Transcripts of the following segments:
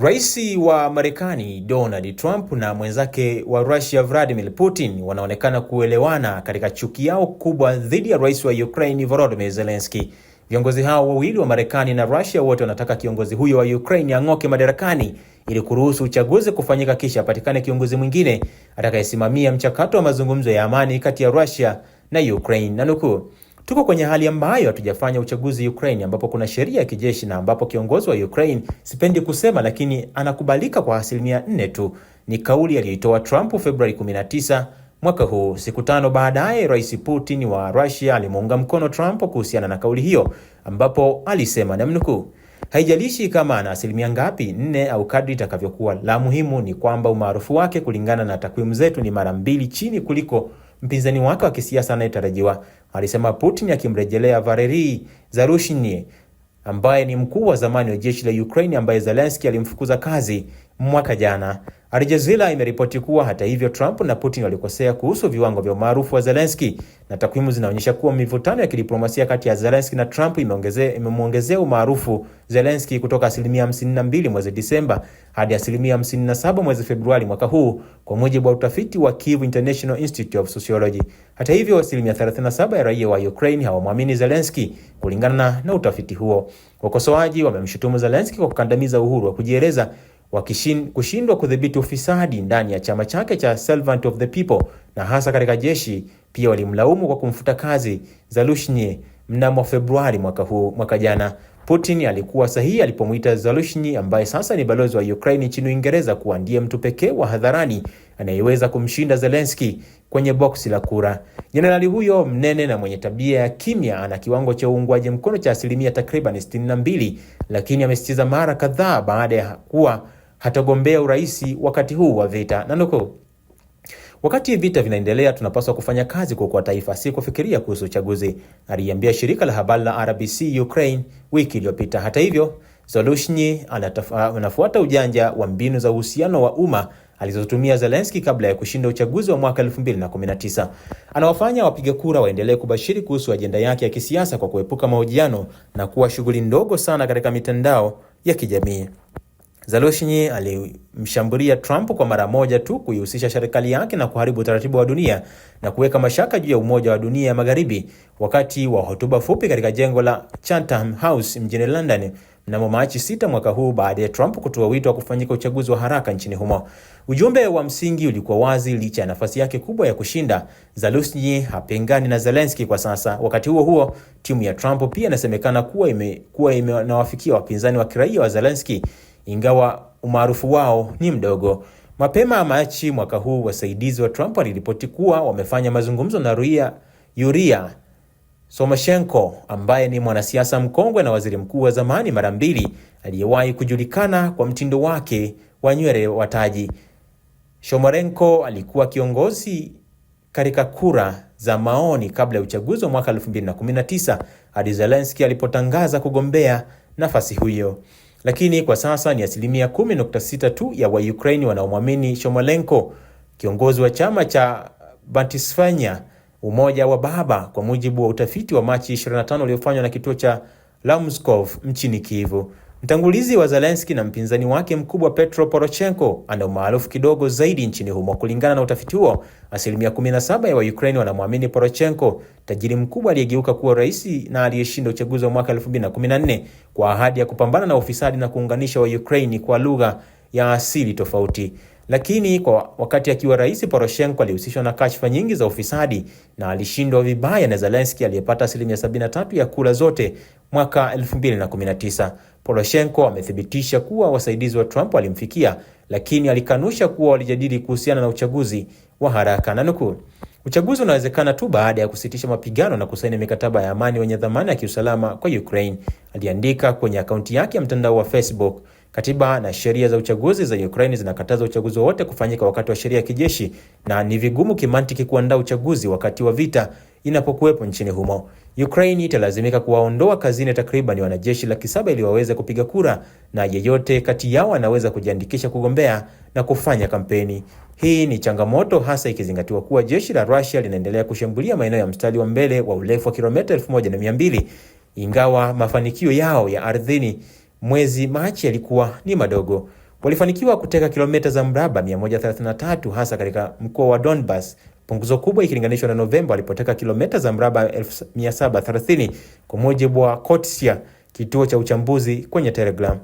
Rais wa Marekani Donald Trump na mwenzake wa Russia Vladimir Putin wanaonekana kuelewana katika chuki yao kubwa dhidi ya Rais wa Ukraine Volodymyr Zelensky. Viongozi hao wawili wa Marekani na Russia wote wanataka kiongozi huyo wa Ukraine ang'oke madarakani ili kuruhusu uchaguzi kufanyika kisha apatikane kiongozi mwingine atakayesimamia mchakato wa mazungumzo ya amani kati ya Russia na Ukraine. Nanukuu, Tuko kwenye hali ambayo hatujafanya uchaguzi Ukraine, ambapo kuna sheria ya kijeshi na ambapo kiongozi wa Ukraine, sipendi kusema, lakini anakubalika kwa asilimia nne tu. Ni kauli aliyoitoa Trump Februari 19 mwaka huu. Siku tano baadaye, Rais Putin wa Russia alimuunga mkono Trump kuhusiana na kauli hiyo, ambapo alisema namnukuu, haijalishi kama ana asilimia ngapi, nne au kadri itakavyokuwa, la muhimu ni kwamba umaarufu wake kulingana na takwimu zetu ni mara mbili chini kuliko mpinzani wake wa kisiasa anayetarajiwa alisema Putin akimrejelea Valerii Zarushini ambaye ni mkuu wa zamani wa jeshi la Ukraine ambaye Zelensky alimfukuza kazi mwaka jana. Aljazira imeripoti kuwa hata hivyo, Trump na Putin walikosea kuhusu viwango vya umaarufu wa Zelensky, na takwimu zinaonyesha kuwa mivutano ya kidiplomasia kati ya Zelensky na Trump imemwongezea umaarufu Zelensky kutoka asilimia 52 mwezi Disemba hadi asilimia 57 mwezi Februari mwaka huu, kwa mujibu wa utafiti wa Kyiv International Institute of Sociology. Hata hivyo, asilimia 37 ya raia wa Ukraine hawamwamini Zelensky kulingana na utafiti huo. Wakosoaji wamemshutumu Zelensky kwa kukandamiza uhuru wa kujieleza kushindwa kudhibiti ufisadi ndani ya chama chake cha Servant of the People na hasa katika jeshi. Pia walimlaumu kwa kumfuta kazi Zaluzhnyi mnamo Februari mwaka huu. Mwaka jana Putin alikuwa sahihi alipomwita zalushnyi ambaye sasa ni balozi wa Ukraine nchini Uingereza kuwa ndiye mtu pekee wa hadharani anayeweza kumshinda Zelensky kwenye boksi la kura. Jenerali huyo mnene na mwenye tabia ya kimya ana kiwango cha uungwaji mkono cha asilimia takriban 62, lakini amesitiza mara kadhaa baada ya kuwa hatagombea urais wakati huu wa vita. Nanukuu, wakati vita vinaendelea, tunapaswa kufanya kazi kuokoa taifa, si kufikiria kuhusu uchaguzi, aliambia shirika la habari la RBC Ukraine wiki iliyopita. Hata hivyo, Zelensky ah, anafuata ujanja wa mbinu za uhusiano wa umma alizotumia Zelensky kabla ya kushinda uchaguzi wa mwaka 2019. Anawafanya wapiga kura waendelee kubashiri kuhusu ajenda yake ya kisiasa kwa kuepuka mahojiano na kuwa shughuli ndogo sana katika mitandao ya kijamii. Zelensky alimshambulia Trump kwa mara moja tu kuihusisha serikali yake na kuharibu utaratibu wa dunia na kuweka mashaka juu ya umoja wa dunia ya magharibi wakati wa hotuba fupi katika jengo la Chatham House mjini London mnamo Machi 6 mwaka huu baada ya Trump kutoa wito wa kufanyika uchaguzi wa haraka nchini humo. Ujumbe wa msingi ulikuwa wazi licha ya nafasi yake kubwa ya kushinda. Zelensky hapingani na Zelensky kwa sasa. Wakati huo huo, timu ya Trump pia inasemekana kuwa imekuwa imewafikia wapinzani wa kiraia wa Zelensky ingawa umaarufu wao ni mdogo. Mapema Machi mwaka huu, wasaidizi wa Trump waliripoti kuwa wamefanya mazungumzo na Ruia Yuria Somoshenko ambaye ni mwanasiasa mkongwe na waziri mkuu wa zamani mara mbili aliyewahi kujulikana kwa mtindo wake wa nywele wa taji. Shomorenko alikuwa kiongozi katika kura za maoni kabla ya uchaguzi wa mwaka 2019 hadi Zelensky alipotangaza kugombea nafasi huyo lakini kwa sasa ni asilimia 10.6 tu ya Waukraini wanaomwamini Shomolenko, kiongozi wa chama cha Batisfanya umoja wa Baba, kwa mujibu wa utafiti wa Machi 25 uliofanywa na kituo cha Lamskov mchini kivu Mtangulizi wa Zelensky na mpinzani wake mkubwa Petro Poroshenko ana umaarufu kidogo zaidi nchini humo. Kulingana na utafiti huo, asilimia 17 ya Waukraini wanamwamini Poroshenko, tajiri mkubwa aliyegeuka kuwa rais na aliyeshinda uchaguzi wa mwaka 2014 kwa ahadi ya kupambana na ufisadi na kuunganisha Waukraini kwa lugha ya asili tofauti. Lakini kwa wakati akiwa rais, Poroshenko alihusishwa na kashfa nyingi za ufisadi na alishindwa vibaya na Zelensky aliyepata asilimia 73 ya kura zote mwaka 2019. Poroshenko amethibitisha kuwa wasaidizi wa Trump walimfikia, lakini alikanusha kuwa walijadili kuhusiana na uchaguzi wa haraka na uchaguzi unawezekana tu baada ya kusitisha mapigano na kusaini mikataba ya amani wenye dhamana ya kiusalama kwa Ukraine, aliandika kwenye akaunti yake ya mtandao wa Facebook. Katiba na sheria za uchaguzi za Ukraine zinakataza uchaguzi wowote kufanyika wakati wa sheria ya kijeshi, na ni vigumu kimantiki kuandaa uchaguzi wakati wa vita inapokuwepo nchini humo. Ukraine italazimika kuwaondoa kazini takriban wanajeshi laki saba ili waweze kupiga kura, na yeyote kati yao anaweza kujiandikisha kugombea na kufanya kampeni. Hii ni changamoto hasa ikizingatiwa kuwa jeshi la Russia linaendelea kushambulia maeneo ya mstari wa mbele wa urefu wa kilomita 1200 ingawa mafanikio yao ya ardhini mwezi Machi yalikuwa ni madogo. Walifanikiwa kuteka kilomita za mraba 133 hasa katika mkoa wa Donbas, punguzo kubwa ikilinganishwa na Novemba walipoteka kilomita za mraba 730 kwa mujibu wa Kotsia, kituo cha uchambuzi kwenye Telegram.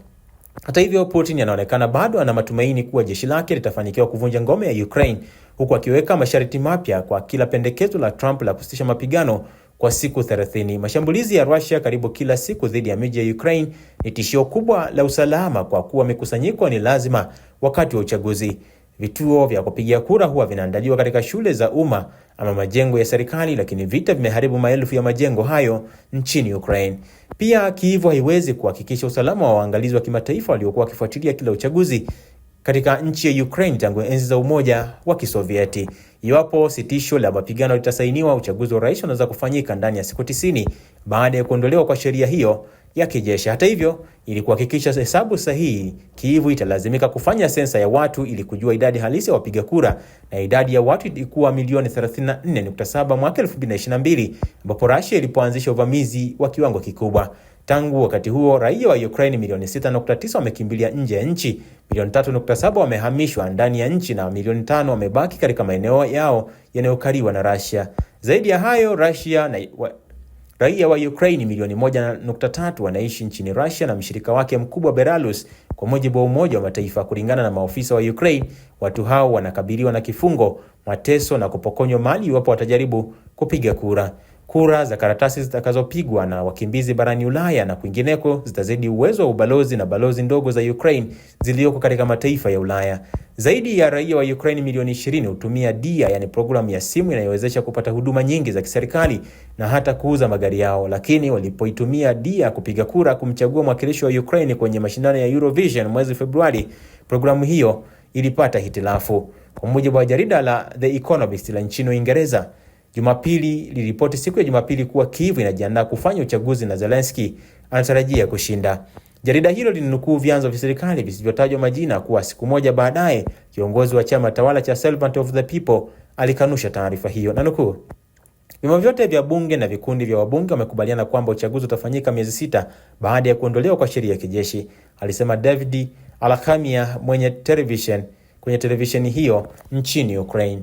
Hata hivyo, Putin anaonekana bado ana matumaini kuwa jeshi lake litafanikiwa kuvunja ngome ya Ukraine, huku akiweka masharti mapya kwa kila pendekezo la Trump la kusitisha mapigano kwa siku 30. Mashambulizi ya Russia karibu kila siku dhidi ya miji ya Ukraine ni tishio kubwa la usalama kwa kuwa mikusanyiko ni lazima wakati wa uchaguzi. Vituo vya kupigia kura huwa vinaandaliwa katika shule za umma ama majengo ya serikali, lakini vita vimeharibu maelfu ya majengo hayo nchini Ukraine. Pia Kyiv haiwezi kuhakikisha usalama wa waangalizi wa kimataifa waliokuwa wakifuatilia kila uchaguzi katika nchi ya Ukraine tangu enzi za Umoja wa Kisovieti. Iwapo sitisho la mapigano litasainiwa, uchaguzi wa rais unaweza kufanyika ndani ya siku 90 baada ya kuondolewa kwa sheria hiyo ya kijeshi. Hata hivyo, ili kuhakikisha hesabu sahihi, Kyiv italazimika kufanya sensa ya watu ili kujua idadi halisi ya wapiga kura, na idadi ya watu ilikuwa milioni 34.7 mwaka 2022 ambapo Russia ilipoanzisha uvamizi wa kiwango kikubwa. Tangu wakati huo raia wa Ukraine milioni 6.9 wamekimbilia nje ya nchi, milioni 3.7 wamehamishwa ndani ya nchi na milioni 5 wamebaki katika maeneo yao yanayokaliwa na Russia. Zaidi ya hayo, Russia na Raia wa Ukraine milioni 1.3 wanaishi nchini Russia na mshirika wake mkubwa Belarus, kwa mujibu wa Umoja wa Mataifa. Kulingana na maofisa wa Ukraine, watu hao wanakabiliwa na kifungo, mateso na kupokonywa mali iwapo watajaribu kupiga kura. Kura za karatasi zitakazopigwa na wakimbizi barani Ulaya na kwingineko zitazidi uwezo wa ubalozi na balozi ndogo za Ukraine zilizoko katika mataifa ya Ulaya. Zaidi ya raia wa Ukraine milioni 20 hutumia Dia, yani programu ya simu inayowezesha kupata huduma nyingi za kiserikali na hata kuuza magari yao, lakini walipoitumia Dia kupiga kura kumchagua mwakilishi wa Ukraine kwenye mashindano ya Eurovision mwezi Februari, programu hiyo ilipata hitilafu, kwa mujibu wa jarida la The Economist la nchini Uingereza. Jumapili liliripoti siku ya Jumapili kuwa kivu inajiandaa kufanya uchaguzi na Zelensky anatarajia kushinda. Jarida hilo linukuu vyanzo vya serikali visivyotajwa majina kuwa siku moja baadaye kiongozi wa chama tawala cha Servant of the People alikanusha taarifa hiyo na nukuu, vyama vyote vya bunge na vikundi vya wabunge wamekubaliana kwamba uchaguzi utafanyika miezi sita baada ya kuondolewa kwa sheria ya kijeshi, alisema David Alakhamia mwenye television kwenye televisheni hiyo nchini Ukraine.